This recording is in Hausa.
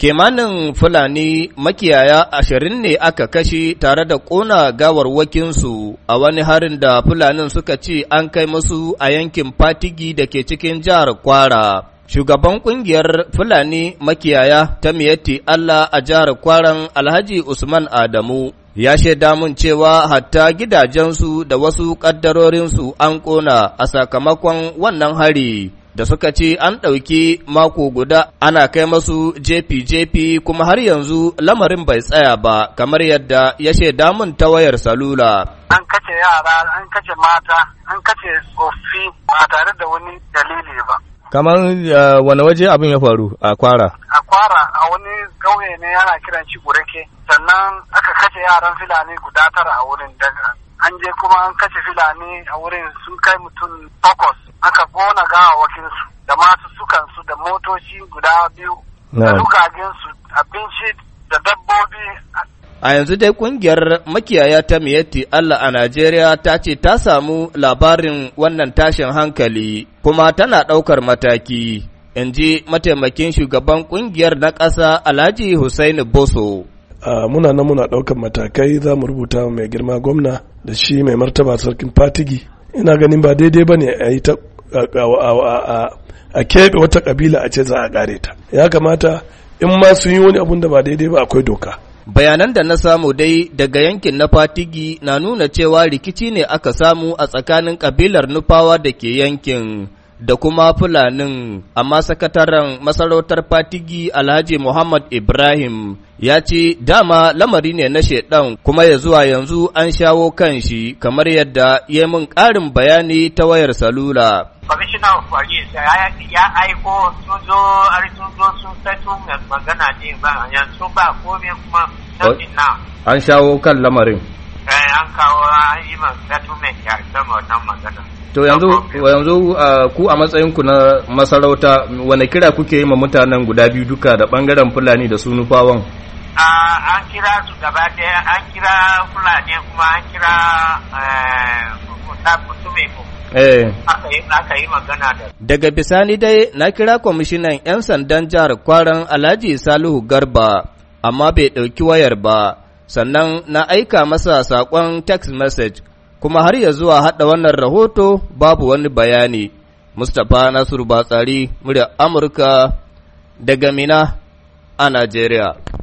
Kimanin Fulani makiyaya ashirin ne aka kashe tare da ƙona gawarwakinsu a wani harin da Fulanin suka ce an kai musu a yankin Fatigi da ke cikin jihar Kwara. Shugaban ƙungiyar Fulani makiyaya ta miyatti Allah a jihar Kwaran Alhaji Usman Adamu ya shaida mun cewa hatta gidajensu da wasu ƙaddarorinsu an ƙona a sakamakon wannan hari. da suka ce an ɗauki mako guda ana kai masu jefi-jefi kuma har yanzu lamarin bai tsaya ba kamar yadda ya shaida mun ta wayar salula. An kace yara, an kace mata, an kace tsoffi ba tare da wani dalili ba. Kamar wani waje abin ya faru a kwara? A kwara a wani ƙauye ne yana kiran ci sannan aka kace yaran filani guda tara a wurin daga an je kuma an kashe filani a wurin sun kai mutum takwas aka gona gawawakinsu da masu sukansu da motoci guda biyu da dugagensu abinci da dabbobi a yanzu dai kungiyar makiyaya ta miyatti Allah a Najeriya ta ce ta samu labarin wannan tashin hankali kuma tana ɗaukar mataki in ji mataimakin shugaban kungiyar na ƙasa Alhaji Hussaini Boso. muna nan muna ɗaukar matakai za mu rubuta mai girma gwamna da shi mai martaba sarkin fatigi ina ganin ba daidai ba ne a yi ta a keɓe wata kabila a ce za a kare ta ya kamata in ma sun yi wani abun da ba daidai ba akwai doka bayanan da na samu dai daga yankin na fatigi na nuna cewa rikici ne aka samu a tsakanin kabilar nufawa da ke yankin da kuma Fulanin, amma sakataren masarautar Fatigi Alhaji Muhammad Ibrahim ya ce dama lamari ne na shaidan kuma ya zuwa yanzu an shawo kan shi kamar yadda ya min ƙarin bayani ta wayar salula. Kwamishinan Police ya aiko sun zo sun zo sun saito magana ne ba yanzu ba komai kuma An shawo kan lamarin. to yanzu yanzu uh, ku a matsayin ku na masarauta wane kira kuke yi ma mutanen guda biyu duka da bangaren fulani da sunufawan. an kira su gaba daya an kira fulani kuma an kira eh, mutume eh. aka yi magana da daga bisani dai na kira kwamishinan 'yan sandan jihar kwaran alhaji salihu garba amma bai ɗauki wayar ba sannan na aika masa saƙon text message kuma har ya zuwa haɗa wannan rahoto babu wani bayani mustapha nasiru batsari murya amurka daga mina a najeriya